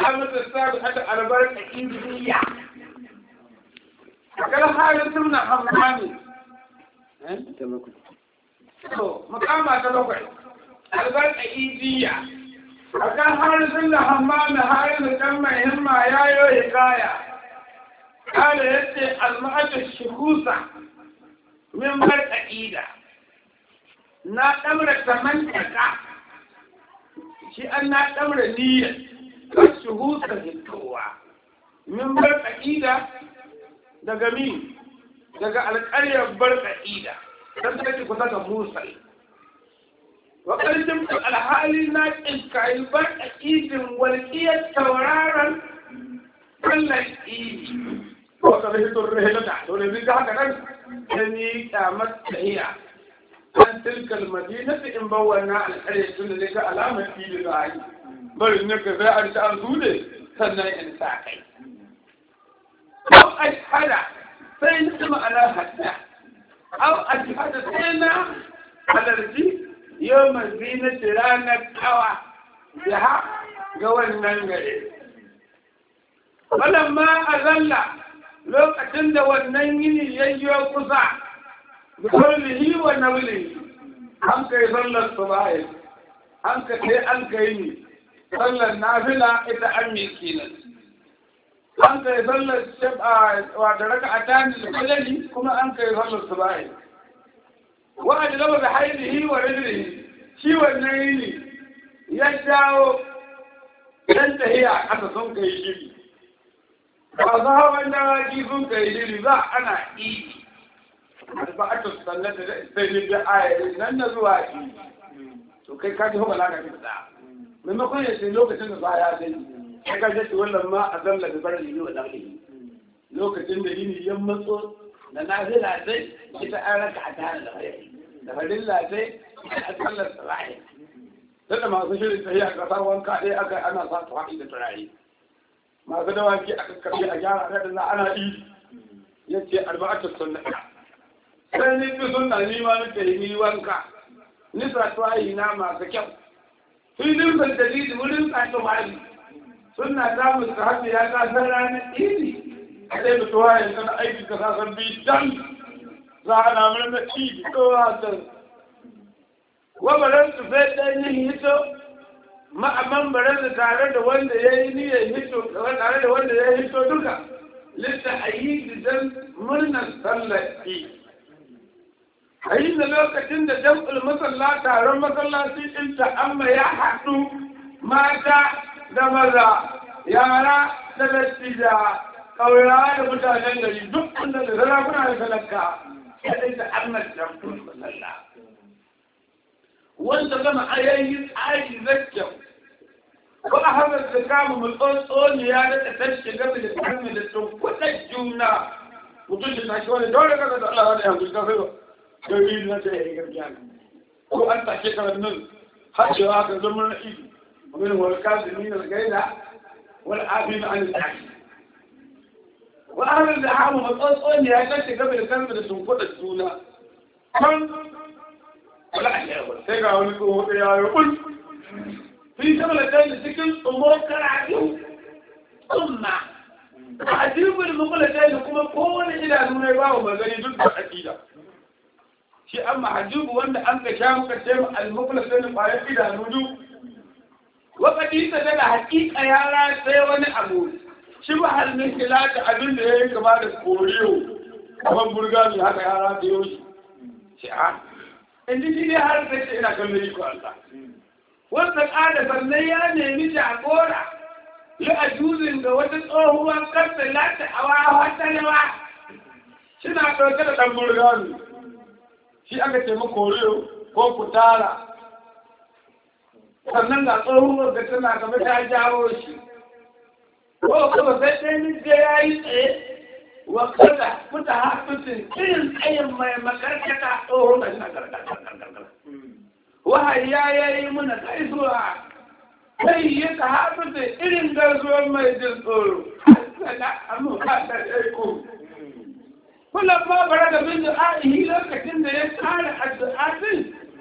الحالة الثابتة على بارك الإنجليزية كلا حالة تمنع حمامي مقامة تلوكي على بارك الإنجليزية akan harin da hamma na harin da kan mai himma ya yi hikaya kada ya ce alma'atar shikusa min bar ƙa'ida na ɗamra tamantaka shi an na ɗamra niyyar shuhutan hittowa min bar ƙa'ida daga min daga alƙaryar bar ƙa'ida don ta ce kusa ga musal wa ƙarfin ku alhali na ƙinkayi bar ƙa'idin walƙiyar tauraron kallon ƙiri ko ta rahi tun rahi lata to ne zika haka nan ta ni ƙyamar tahiya an tilkal madinatu in bawana alƙaryar tun da ne ga alamar fili da hanyar bari ne ka za a rishi an su ne sannan in sa kai aw ashhada sai ni kuma ala hadda aw ashhada sai na alarji yawm zinati ranar kawa biha ga wannan gare ma azalla lokacin da wannan yini yayyo kusa bikullihi wa nawlihi an kai sallar subahi an ka sai an kai ni sallar nafila ita an mai kenan an kai sallar wata raka a tani da fajari kuma an kai sallar su ba Wa wa'ad lama da hailihi wa rajrihi shi wannan yini ya jawo dan tahiya kasa sun kai shiri ba za a wanda sun kai shiri za ana iri arba'atu sallar da sai ne da ayarin nan na zuwa iri to kai ka ji ka ga fitsa من مكان يشين لو كتير نزاعي عليه هكذا جت ولا ما أزم لك بدل اللي هو دغري لو كتير مدين يوم ما تو ننازل عزي كتا أنا كعدان لغيري دخل الله عزي أتخلى الصراحي لأن ما أصيشل السياح قطار وان كاري أكا أنا صارت واحدة تراعي ما أصيشل وان كي أكا في أجار أكاد الله أنا إيه يتي أربعة سنة سنة سنة نيوان كريمي وان كا نسرة طوائي نعمة كيف sun rinsa dalili wurin tsakin wani suna samun su haɗu ya kasar ranar idi a ɗaya da tuwa ya sana aiki ka sasar bi dan za a namun na idi tsoha ta wabaran su fai ɗan yin hito ma'amman baran su tare da wanda ya yi niyyar hito tare da wanda ya hito duka lissa ayyidi dan murnar sallar idi a yi da lokacin da jam'ul masalla taron masallaci ɗinta amma ya haɗu mata da maza yara da dattija ƙaurawa da mutanen gari duk wanda da sarakuna da talaka ya ɗinta amma jam'ul masalla wanda gama ayayin tsari zakkiyar ko a haɗar da kama mulkon tsoni ya daɗa ta shiga da kame da tsokutan juna mutum da tashi wani dole kaga da Allah wani yanzu ka fi ba dalilin na sai ya yi gaskiya ko an take karannin har da haka zama na ido ومن هو الكاظمين الغيظ والعافين عن الناس وأهل الدعامة متصل يا كنت قبل كلمة تنقل السنة من ولا أشياء تقع ونقول يا يقول في جملة تانية سكن أمور كالعدو ثم عدو من المقولة تانية كما قول إلى دون يباو ما غني دون الحديدة shi an mahajubu wanda an ga sha muka ce mu al-muflis da ƙwayar idanu wakati ta da haƙiƙa ya ratsaye wani abu shi ba har min kila da abin da ya yi gaba da koriyo kamar burga mai haka ya ratsaye shi shi a in ji shi ne har da ce ina kallon iko Allah wanda ƙada sannan ya nemi jagora ya ajuzin da wata tsohuwar karfe lati a wa wata yawa suna ɗauke da ɗan burga ne aka ce maka koriyo ko ku tara sannan ga tsohuwar da tana gaba ta jawo shi ko kuma sai ɗaya ni je ya yi tsaye wa kada kuta hafisin irin tsayin mai makarkata tsohon da na gargara wahayi ya yayi muna kai zuwa kai yi ta hafisin irin garzuwar mai jin tsoro كل ما ان منه هذه هي لو كنا يسأل حد حاسين